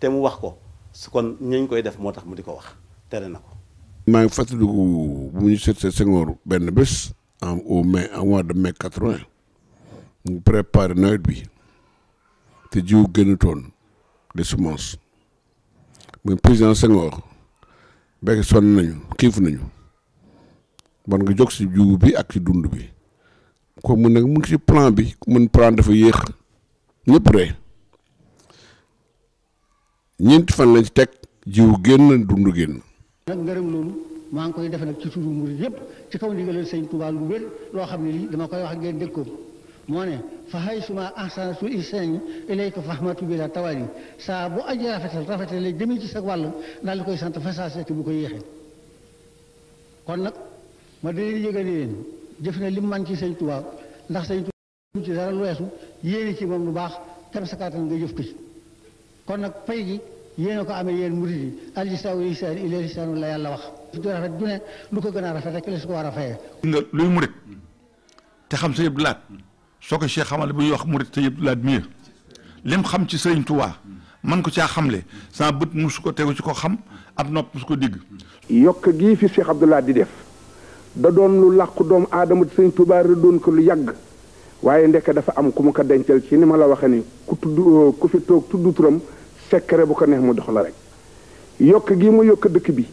te mu wax ko su kon ñañ koy def moo tax mu di ko wax tere na ko. maa ngi fàttaliku bu ñu seetee Senghor benn bés en au mais en mois de mais quatre-vingt ñu préparé nawet bi te jiw génnutoon les semences mais président Senghor béykat sonn nañu xiif nañu man nga jóg si jiw bi ak ci dund bi. ko mun nag mu ngi ci plan bi ku mun plan dafa yéex ñëpp rek. ñeenti fan lañ teg jiw génn dund génn. nag ngërëm loolu maa ngi koy defe nag ci turu murid yëpp ci kaw ndigalal sëñ Tuubaa lu wér loo xam ne lii dama koy wax ngeen dégg ko moo ne fa hay suma ahsana su ihsaan ilayka fahmatu bi la tawali saa bu aji rafetal rafetal lay jëmee ci sa wàll daal di koy sant fasaase te bu ko yéexee kon nag ma da leen yëgal leen jëf na lim man ci sëñ Tuubaa ndax sëñ Tuubaa ci dara lu weesu yéene ci moom lu baax kem sa kàttan nga kon nak fay gi yéen ko amee yéen murid yi aljisaw isaan ila lisaanu la yàlla wax du rafet du ne lu ko gën rafet rek la ko war a nga luy murid te xam sa yëpp laat Cheikh xamal bu wax murid sa yëpp laat lim xam ci Sëriñ Tuubaa man ko caa xamle sama bët musu ko tegu ci ko xam ab nopp musu ko dégg yokk gii fi Cheikh Abdoulaye di def da doon lu làqu doomu aadama Sëriñ Tuubaa doon ko lu yàgg waaye ndekk dafa am ku mu ko dencal ci ni ma la waxe ni ku tudd ku fi toog tudd turam sekkare bu ko neex mu dox la rek yokk gi mu yokk dëkk bi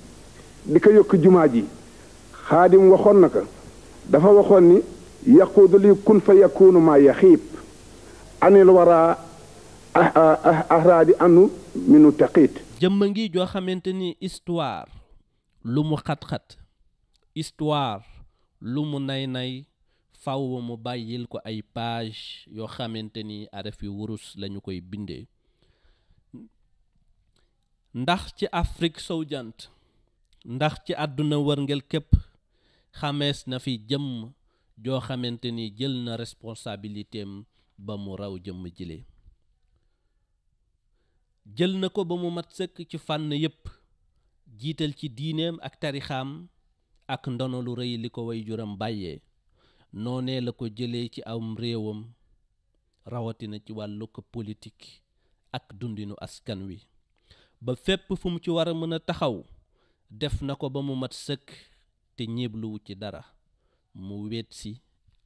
di ko yokk jumaa ji xaadim waxoon na ko dafa waxoon ni yaquudu li kun fa yakunu maa yaxiib anil wara ah, ah, ah, ahraadi anu minu taqiit jëmm ngi joo xamante ni histoire lu mu xat-xat histoire lu mu nay-nay faw mu bàyyil ko ay page yoo xamante ni araf yu wurus lañu koy bindee ndax ci Afrique sow ndax ci àdduna wërngel képp xamees na fi jëmm joo xamante ni jël na responsabilitéem ba mu raw jëmm jile jël na ko ba mu mat sëkk ci fànn yépp jiital ci diineem ak tarixaam ak ndono lu rëy li ko way juram bàyyee noonee la ko jële ci am réewam rawatina ci wàllug politique ak dundinu askan wi ba fépp fu mu ci wara a mën a taxaw def na ko ba mu mat sëkk te ñeebluwu ci dara mu wet si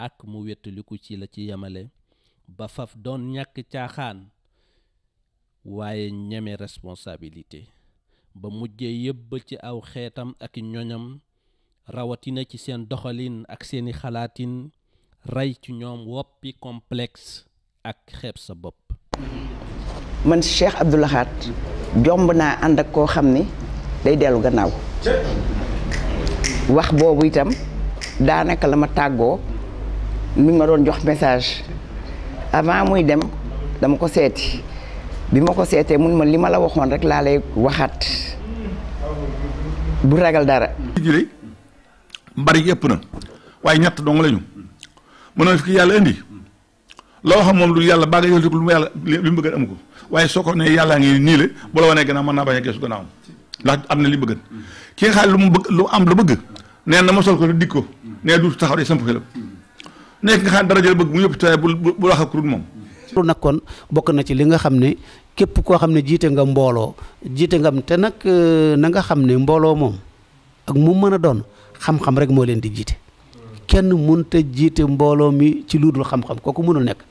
ak mu wettaliku ci la ci yamale ba faf doon ñàkk caaxaan waaye ñeme responsabilité ba mujjee yëbbal ci aw xeetam ak i ñoñam rawatina ci seen doxalin ak seeni xalaatin rey ci ñoom woppi complexe ak xeeb sa bopp man Cheikh Abdou Lahad jomb na and ak ko xamni day delu gannaaw wax bobu itam da naka lama taggo mi nga don jox message avant muy dem dama ko seeti bima ko seetee mun ma li la rek la lay waxat bu ragal dara mbari yep na waaye ñett dong lañu fi yalla indi loo xam moom lu yàlla baa nga yël lu mu yàlla lu mu bëgg amu ko waaye soo ko nee yàllaa ngi nii la bu la wanee gannaaw mën naa bañ a geesu gannaawam ndax am na li bëgg ki nga xam lu mu bëgg lu am la bëgg nee na mosal ko di dikk ko nee du taxaw day samp xelam nekk nga xam dara jël bëgg mu yëpp tawee bu bu wax ak moom loolu nag kon bokk na ci li nga xam ne képp koo xam ne jiite nga mbooloo jiite nga te nag euh, na nga xam ne mbooloo moom ak mu mën a doon xam rek moo leen di jiite kenn mënta jiite mbooloo mi ci lu dul ko xam kooku a nekk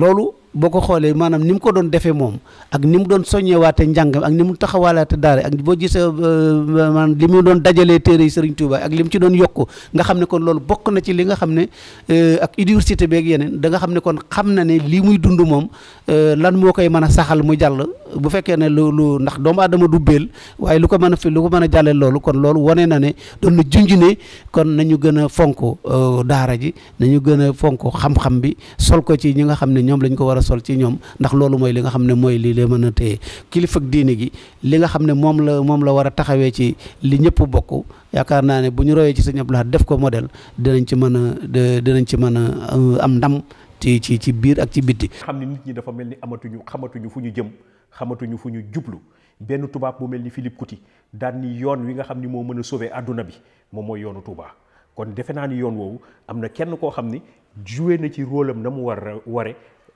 loolu boo ko xoolee maanaam ni mu ko doon defee moom ak ni mu doon soññewaate njàngam ak ni mu taxawaalaate daara ak boo gisee euh, maanaam li mu doon dajalee téere yi Serigne Touba ak li mu ci doon yokku nga xam ne kon loolu bokk na ci li nga xam ne euh, ak université beeg yeneen da nga xam ne kon xam na ne lii muy dund moom euh, lan moo koy mën a saxal mu jàll bu fekkee ne lu lu doomu aadama du béel waaye lu ko mën a fi lu ko mën a jàllee loolu kon loolu wane na ne doon na junj ne kon nañu gën a fonk daara ji nañu gën a fonk xam-xam bi sol ko ci ñi nga xam ne ñoom lañ ko war war a sol ci ñoom ndax loolu mooy li nga xam ne mooy li lay mën a téye kilifa diine gi li nga xam ne moom la moom la war a taxawee ci li ñëpp bokk yaakaar naa ne bu ñu royee ci Sëñ Abdou laa def ko modèle dinañ ci mën a dinañ ci mën a euh, am ndam ci ci ci biir ak ci bitti. xam ne nit ñi dafa mel ni amatuñu xamatuñu fu ñu jëm xamatuñu fu ñu jublu benn tubaab bu mel ni Philippe Couti daan yoon wi nga xam ni moo mën a sauver àdduna bi moom mooy yoonu Touba kon defe naa ni yoon woowu am na kenn koo xam ni joué am na mu war a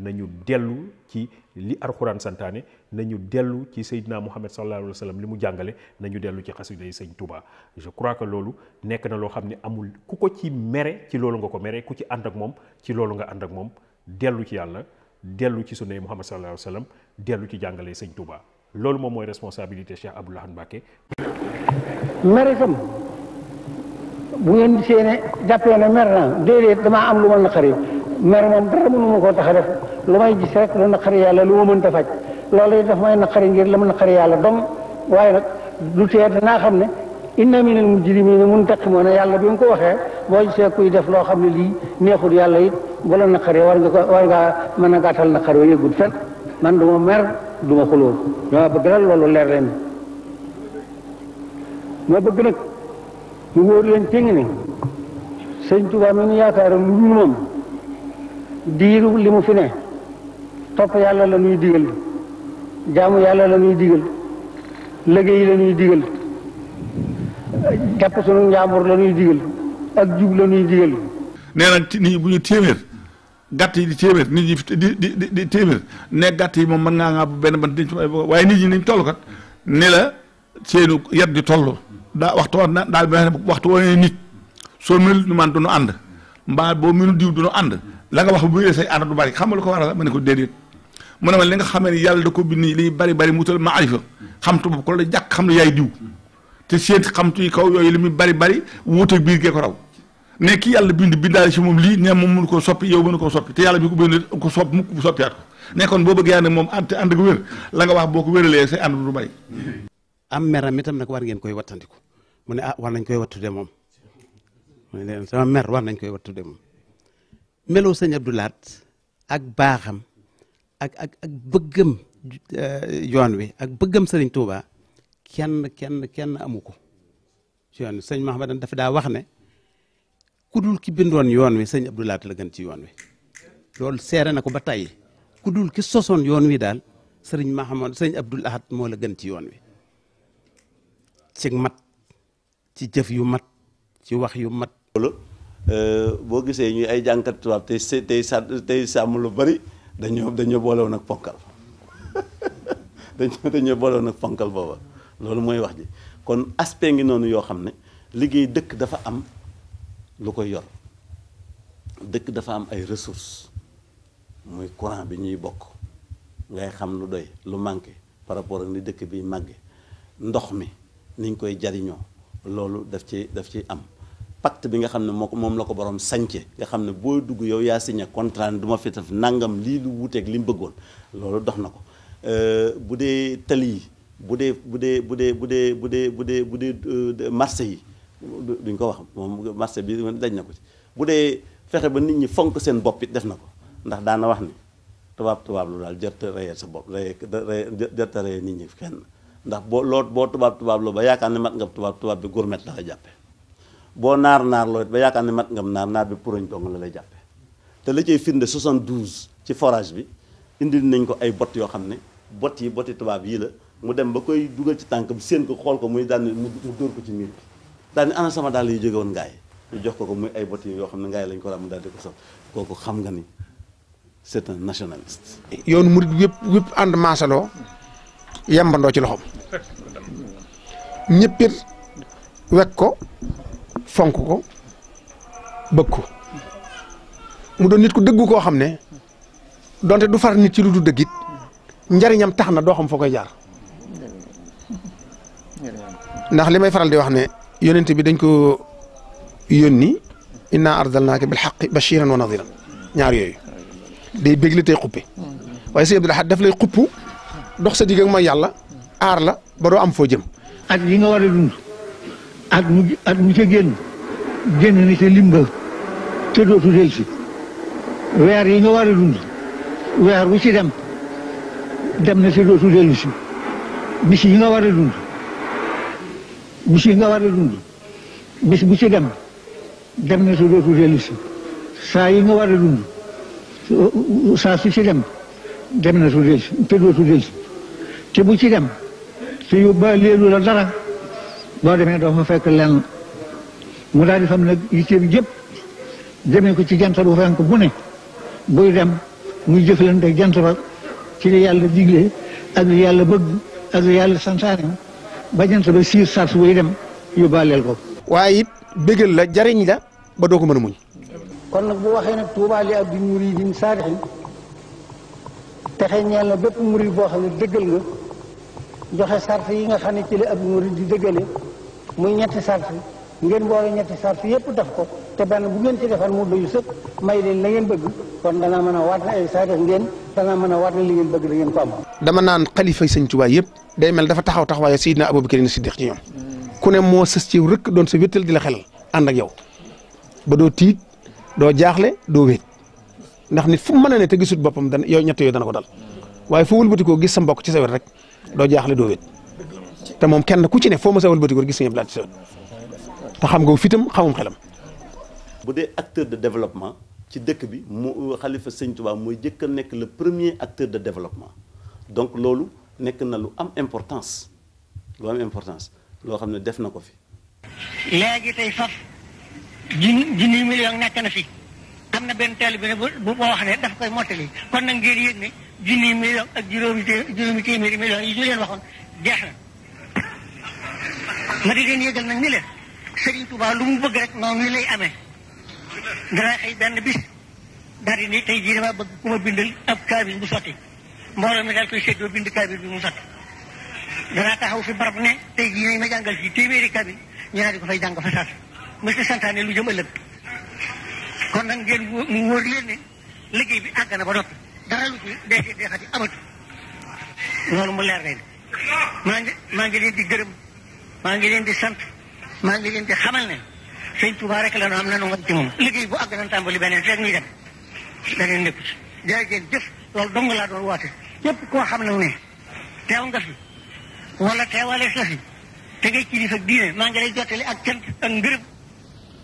nañu delu ci li alquran santane, nañu delu ci sayyidina muhammad sallallahu alaihi wa sallam limu nañu delu ci khassida yi sëñ tuba je crois que lolu nek na lo xamni amul kuko ci mere ci lolu nga ko méré ku ci and ak mom ci lolu nga and ak mom delu ci yalla delu ci muhammad sallallahu alaihi wa sallam ci jàngale sëñ touba lolu mom moy responsabilité cheikh abdoulahan mbake mere fam bu ngeen gisee ne jàppee ne mer naa am lu ma xarit mer moom dara mënuma koo tax a def lu may gis rek lu naqari yàlla lu ma mënta faj loolu it daf may naqari ngir la ma naqari yàlla dong waaye nag du da naa xam ne inna minal mujrimiina muntaqimuun yàlla bi mu ko waxee boo gisee kuy def loo xam ne lii neexul yàlla it bu war nga ko mën a gàttal naqar wa yëgul fen man du ma mer du ma xuloo dama bëgg nag loolu leer leen ma bëgg nag ñu wóor leen tëng ni sëñ Tuubaa mi ñu yaakaar lu dul moom diiru li mu fi ne topp yàlla la ñuy digal jaamu yàlla la ñuy digal liggéey la ñuy digal jàpp sunu njaambur la ñuy digal ak jub la ñuy digal. nee na nit ñi bu ñu téeméer gàtt yi di téeméer nit di di di ne gàtt yi moom mën ngaa ngaa benn bant ci waaye nit ñi ni mu toll kat ni la seenu yat di toll daa waxtu na daal bi waxtu wane nit soo mënul nu man du nu ànd mbaa boo mënul diw du nu ànd. la nga wax bu ñëwee say aada du bari xam nga lu ko waral ma ne ko déedéet mu ne ma li nga xamee ko bind nii bari bari mu wutal maarifa ko la jàkk xam ne yaay diw te seen xam tuy kaw yooyu li muy bari bari wuute biir gee raw ne ki yàlla bind bindaale si moom lii ne moom mënu koo soppi yow mënu koo soppi te yàlla bi ko bind ko sopp mukk bu soppiyaat ko ne boo moom ànd ànd gu wér wax boo ko wéralee say ànd du bari am meram itam nag war ngeen koy wattandiku mu ne ah war nañ koy wattu de moom mu ne sama mer war nañ koy wattu de moom meloo sëñ Abdou Lahat ak baaxam ak ak ak bëggam euh, yoon wi ak bëggam sëriñ tuuba kenn kenn kenn amu ko ci yoon wi sëñ Mahamadan dafa daa wax ne ku dul ki bindoon yoon wi sëñ Abdou la gën ci yoon wi loolu seere na ko ba tey ku dul ki sosoon yoon wi daal sëriñ Mahamad sëñ Abdou Lahat moo la gën ci yoon wi ci mat ci jëf yu mat ci wax yu mat Euh, boo gisee ñuy ay jànkat tubaab tey tey sa tey sàmm lu bari dañoo dañoo boolewoon ak ponkal dañoo dañoo boolewoon ak booba loolu mooy wax ji kon aspect ngi noonu yoo xam ne liggéey dëkk dafa am lu koy yor dëkk dafa am ay ressources muy courant bi ñuy bokk ngay xam lu doy lu manqué par rapport ak ni dëkk bi màgge ndox mi niñ koy jariñoo loolu daf ci daf ci am pacte bi nga xamne mom moom la ko borom sànce nga xamne bo dugg yow ya signé contrat duma ma fi def nangam li lu wuté ak lim bëggoon lolu dox na ko bu tali budé budé budé budé budé budé budé bu dee marché yi duñ ko wax mom marché bi dañ nako ci budé fexé ba nit ñi fonk seen bop def nako ko da na wax ni tubaab tubaab lu dal jërte reyee sa bopp reyee jërte reyee nit ñi fenn ndax bo loo bo tubaab tubaab lu ba yaaka ni mat nga tubaab tubaab bi gourmet la jappé boo naar naar loo ba yaakaar ne mat ngam naar naar bi pour ñu dong la lay jàppe te la cay firnde 72 ci forage bi indil nañ ko ay bot yoo xam ne bot yi boti tubaab yii la mu dem ba koy dugal ci tànk bi seen ko xool ko muy daan mu dóor ko ci miir bi daal ana sama dàll yi jóge woon ngaay ñu jox ko ko muy ay bott yi yoo xam ne ngaay lañ ko ràmm daal di ko sol kooku xam nga ni c'est un nationaliste. yoonu murid yëpp yëpp ànd maasaloo yembandoo ci loxoom ko. fonk ko bëgg ko mu doon nit ko dëggu koo xam ne donte du far nit ci lu du dëggit njariñam tax na doo xam foo koy jaar ndax li may faral di wax ne yonent bi dañ ko yónni inna arzalnaaka bil xaqi bashiran wa nadiran ñaar yooyu day bégle tey xuppe waaye si Abdul Ahad daf lay xupp dox sa digg ak mooy yàlla aar la ba doo am foo jëm at mu at mu ca génn génn na ca limba te dootu del si weer yi nga war a dund weer wu ci dem dem na te dootu dellu si bis yi nga war a dund bis yi nga war a dund bis bu ci dem dem na te dootu dellu si saa yi nga war a dund saa su ci dem dem na te dootu dellu si te bu ci dem te yóbbaa leelu la dara boo demee doo fa fekk lenn mu daal di xam nag yitteem jëpp jëmee ko ci jant bu fenk bu ne buy dem muy jëflante jant ba ci li yàlla digle ak li yàlla bëgg ak li yàlla santaane ba jant ba siir sars buy dem yóbbaaleel ko. waaye it bégal la jariñ la ba doo ko mën a muñ. kon nag bu waxee nag Tuubaa yi abdi muridin saadiqin texe ñeel na bépp yi boo xam ne dëggal nga joxe sart yi nga xam ne ci la ab murid di dëggale. muy ñetti sart ngeen boole ñetti sart yépp def ko te benn bu ngeen ci defal mu doyu sëkk may leen la ngeen bëgg kon danaa mën a waat na ay saadex ngeen danaa mën a war na li bëgg da ngeen ko am dama naan xalifa sëñ yëpp day mel dafa taxaw taxawaaye Seydina Abubakar Siddiq ci ñoom ku moo sës ci rëkk doon sa wéttal di la xelal ànd yow ba doo tiit doo jaaxle doo wéet ndax nit fu mu mën a ne te gisul boppam dana yow ñett yooyu dana ko dal waaye fu wëlbati koo gis sa mbokk ci sawet rek doo jaaxle doo wéet te mom kenn ku ci ne foo ma sawal bëti góor gis nga Abdou Lahad te xam nga fitam xamum xelam. bu dee acteur de développement ci dëkk bi mo khalifa seigne Touba moy jëkk a nekk le premier acteur de développement donc lolu nek na lu am importance lu am importance lo xam def nako ko fi. léegi tey faf junni junni million nek na fi amna ben benn bi ne bu boo wax ne daf koy mottali kon na ngeen yëg ne junni million ak juróomi téeméeri million yi ñu leen waxon jeex na. ma di leen yëgal nag ni leen Serigne Touba lu mu bëgg rek noonu ni lay amee danaa xëy benn bis daal di ni tey jii damaa bëgg ku ma bindal ab kaabir bu sotti mbooloo mi daal koy séddoo bind kaabir bi mu sotti danaa taxaw fi barab ne tey jii nañ ma jàngal fii téeméeri kaabir ñu naa di ko fay jàng fa saas monsieur santaane lu jëm ëllëg kon nag ngeen mu wóor leen ne liggéey bi àgg na ba noppi dara lu ci deexee deexati amatu loolu mu leer nañ maa ngi maa ngi leen di gërëm maa ngi leen di sant maa ngi leen di xamal ne sëñ Tuubaa rek la nu am na nu ngoon moom liggéey bu àgg nañ tàmbali beneen rek ñu dem leneen nekku ci jaay ngeen jëf loolu dong laa doon woote képp koo xam ne ne nga fi wala teewaalees la fi te ngay kilifa diine maa ngi lay jottali ak cant ak ngërëm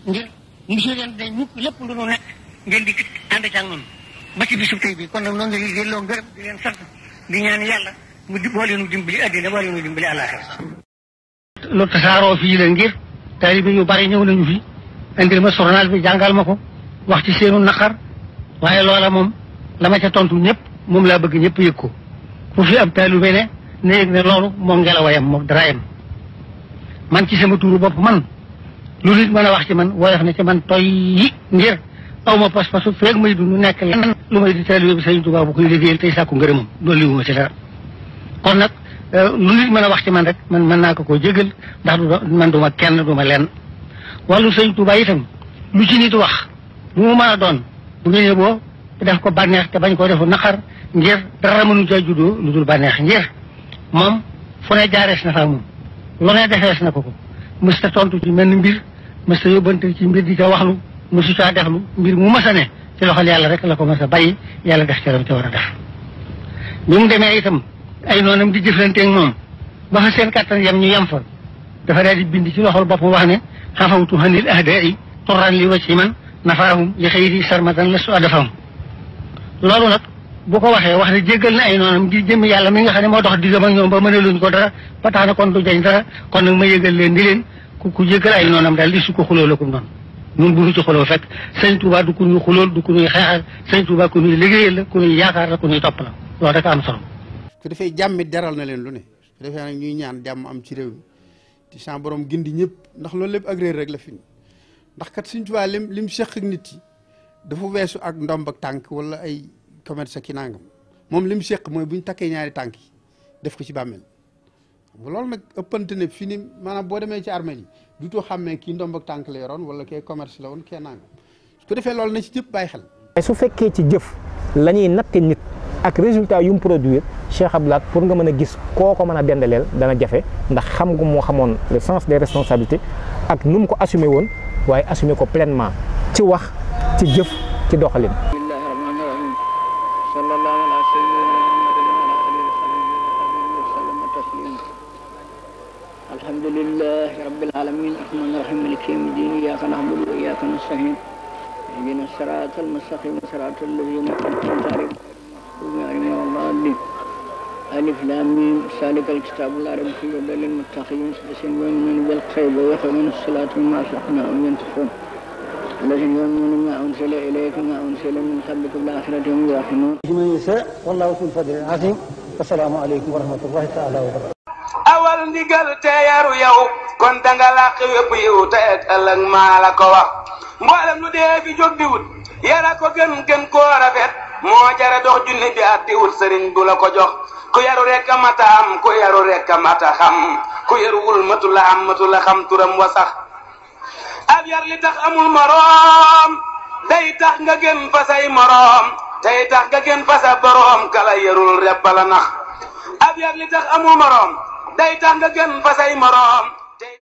ngir monsieur leen dañ ñukk lépp lu nu nekk ngeen di ànd ak noonu ba ci bisu bi kon nag noonu la loo ngërëm di leen sant di ñaan yàlla mu di boole nu dimbali àddina boole nu lu tasaaroo fii la ngir taalibe yu bari ñëw nañu fi indil ma journal bi jàngal ma ko wax ci seenu naqar waaye loola moom lama ma tontu ñëpp moom laa bëgg ñëpp yëg ko fu fi am taalibe ne na yëg ne loolu moom ngelawayam moom darayam man ci sama tuuru bopp man lu nit mën a wax ci man woyof na ci man toy yi ngir aw ma pas-pasu feeg may dund nekk lan ma may di taalibe bi Sëriñ Tuubaa bu koy liggéeyal tey sàkku ngërëmam dolliwuma ci dara Euh, lu nit mën a wax ci man rek man mën naa ko koo jégal ndax du man du ma kenn du ma lenn wàllu sëñ Tuubaa itam lu ci nit wax lu mu mën a doon bu ngeen yóbboo def ko bànneex te bañ koo defu naqar ngir dara mënu ca juddoo lu dul bànneex ngir moom fu ne jaarees na fa moom lu defees na ko ko mës ta tontu ci menn mbir mës ta yóbbante ci mbir di ca waxlu mësu caa deflu mbir mu mës a ne ci loxol yàlla rek la ko ma a bàyyi yàlla def ca la ca war a def ay noonam di jëflanteeg moom ba fa seen kàttan yam ñu yam fa dafa daal di bind ci loxol boppam wax ne xafawtu hanil ahdaai turran li wacci man nafaahum li xëyri sarmatan la su adafam loolu nag bu ko waxee wax ne jéggal na ay noonam di jëm yàlla mi nga xam ne moo dox diggam ak ñoom ba mënaluñ ko dara ba tax na kon du jañ dara kon nag ma yëgal leen di leen ku ku jéggal ay noonam daal di ko xuloo lakum noonu ñun bu ñu ci xuloo fekk sëñ Touba du ku ñuy xulool du ku ñuy xeexal sëñ Touba ku la ku su defee jàmm it na leen lu ne su defee nag ñuy ñaan jàmm am ci réew mi te sa borom gindi ñëpp ndax loolu lépp ak réer rek la fi ndax kat suñ Tuubaa lim lim seq ak nit yi dafa weesu ak ndomb ak tànk wala ay commerce ki nangam moom lim seq mooy bu ñu takkee ñaari tànk yi def ko ci bàmmeel loolu nag ëppante ne fi ni maanaam boo demee ci armeel yi dutoo xàmmee kii ndomb ak tànk la yoroon wala kee commerce la woon kee nangam su ko defee loolu na ci jëpp bàyyi xel. su fekkee ci jëf la ñuy nit. ak résultat yu mu produire Cheikh Abdou pour nga mën a gis koo ko mën a dendaleel dana jafe ndax xam nga moo xamoon le des responsabilités ak nu ko assumé woon waaye assumé ko pleinement ci wax ci jëf ci doxalin. alhamdulilahi rabbil alamin arrahmani rahim maliki yawmi din iyyaka na'budu wa iyyaka nasta'in ألف لام ميم سالك الكتاب لا ريب فيه هدى للمتقين الذين يؤمنون بالغيب ويقيمون الصلاة مما رزقناهم ينفقون الذين يؤمنون ما أنزل إليك وما أنزل من قبلك بالآخرة هم يوقنون من يشاء والله في الفضل العظيم والسلام عليكم ورحمة الله تعالى وبركاته awal ndigal te yaru yow kon da nga làq wépp yiw te et ëllëg maa la ko wax mboolem lu dee fi jóg di wut yara ko gën gën koo rafet moo jara dox junni bi wut sëriñ bu la ko jox ku yaru rek a mata am yaru rek a mata xam ku yaruwul matu la am matu la xam turam wa ab yar li tax amul moroom day tax nga gën fa say moroom day tax nga gën fa nax ab yar li tax amul moroom day tax nga gën fa say moroom